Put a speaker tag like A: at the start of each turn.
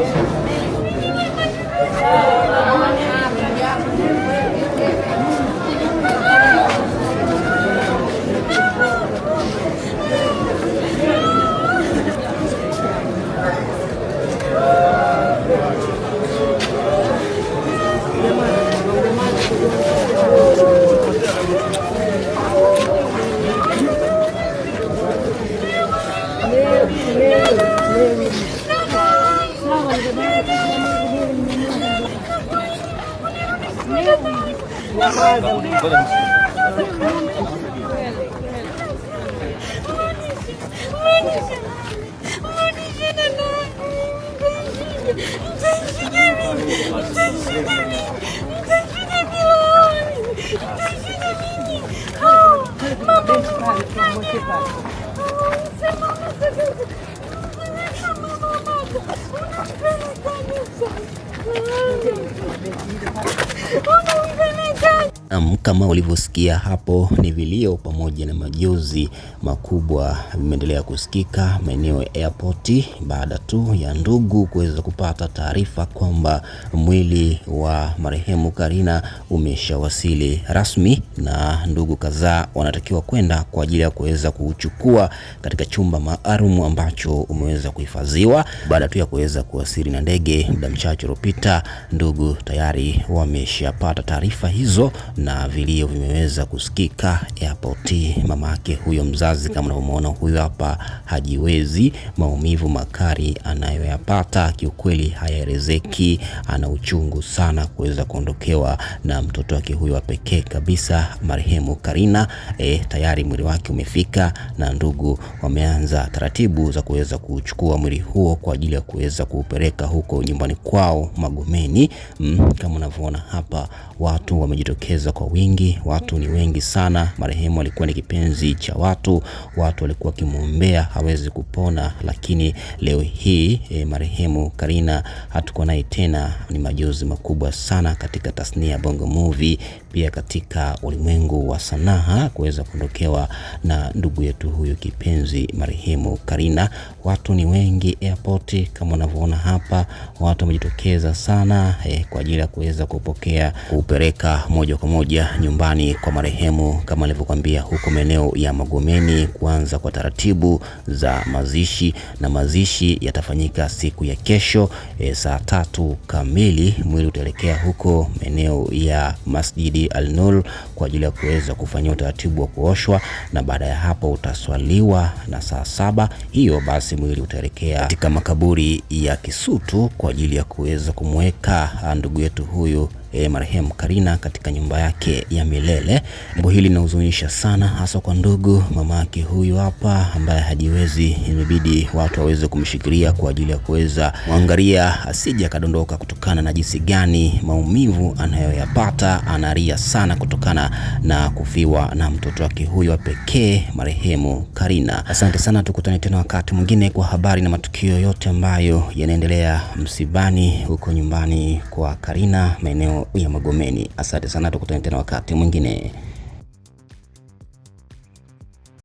A: Thank you. Мама, це мама, це the pot. Naam, kama ulivyosikia hapo ni vilio pamoja na majuzi makubwa vimeendelea kusikika maeneo ya airport baada tu ya ndugu kuweza kupata taarifa kwamba mwili wa marehemu Karina umeshawasili rasmi, na ndugu kadhaa wanatakiwa kwenda kwa ajili ya kuweza kuuchukua katika chumba maalum ambacho umeweza kuhifadhiwa. Baada tu ya kuweza kuwasili na ndege muda mchache uliopita, ndugu tayari wameshapata taarifa hizo na vilio vimeweza kusikika airport. yake huyo mzazi kama unavyomwona, huyu hapa hajiwezi, maumivu makali anayoyapata kiukweli hayaelezeki. Ana uchungu sana kuweza kuondokewa na mtoto wake huyo wa pekee kabisa, marehemu Karina. E, tayari mwili wake umefika na ndugu wameanza taratibu za kuweza kuchukua mwili huo kwa ajili ya kuweza kuupeleka huko nyumbani kwao Magomeni. Mm, kama unavyoona hapa watu wamejitokeza walijitokeza kwa wingi, watu ni wengi sana. Marehemu alikuwa ni kipenzi cha watu, watu walikuwa wakimwombea hawezi kupona, lakini leo hii e, marehemu Karina hatuko naye tena. Ni majonzi makubwa sana katika tasnia ya bongo movie, pia katika ulimwengu wa sanaa kuweza kuondokewa na ndugu yetu huyu kipenzi marehemu Karina. Watu ni wengi airport, kama unavyoona hapa, watu wamejitokeza sana e, kwa ajili ya kuweza kupokea kupeleka moja kwa moja moja nyumbani kwa marehemu kama alivyokuambia, huko maeneo ya Magomeni, kuanza kwa taratibu za mazishi, na mazishi yatafanyika siku ya kesho e, saa tatu kamili. Mwili utaelekea huko maeneo ya Masjidi Al-Nur kwa ajili ya kuweza kufanyia utaratibu wa kuoshwa, na baada ya hapo utaswaliwa, na saa saba hiyo basi mwili utaelekea katika makaburi ya Kisutu kwa ajili ya kuweza kumweka ndugu yetu huyu e, marehemu Karina katika nyumba yake ya milele. Jambo hili linahuzunisha sana, hasa kwa ndugu mama yake huyu hapa ambaye hajiwezi, imebidi watu waweze kumshikilia kwa ajili ya kuweza kuangalia asije akadondoka kutokana na jinsi gani maumivu anayoyapata. Analia sana kutokana na kufiwa na mtoto wake huyu wa pekee marehemu Karina. Asante sana, tukutane tena wakati mwingine kwa habari na matukio yote ambayo yanaendelea msibani huko nyumbani kwa Karina maeneo ya Magomeni. Asante sana, tukutane tena wakati mwingine.